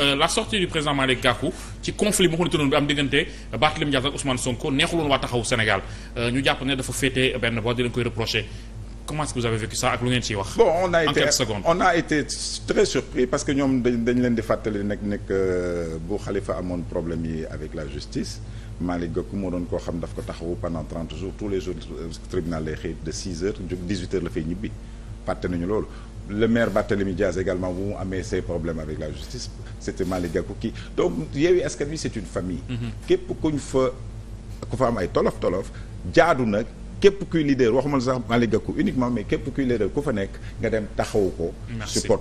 Euh, la sortie du président Malick Gakou ci conflit bi nga xamante ne bi am diggante Barthélémy Dias ak Ousmane Sonko neexul waa taxawu Sénégal euh, ñu jàpp ne dafa féete benn boo di leen koy reprocher comment que vous avez vécu ça ak lu ngeen ciy wax. bon on a en été très surpris parce que ñoom dañ dañ leen di fàttali nag nekk euh, bu Khalifa amoon problème yi avec la justice Malick Gakou moo doon koo xam daf ko taxawu pendant trente jours tous les jours euh, tribunal le maire Barthélémy Diaz également bu mu amee ses problèmes avec la justice c'était Malick Gakou kii donc Yewwi Askan Wi c'est une famille mhm. képp kuñ fa ku fa am ay tolof tolof jaadu nag képp kuy leader waxuma la sax Malick uniquement mais képp kuy leader ku fa nekk nga dem taxawu ko support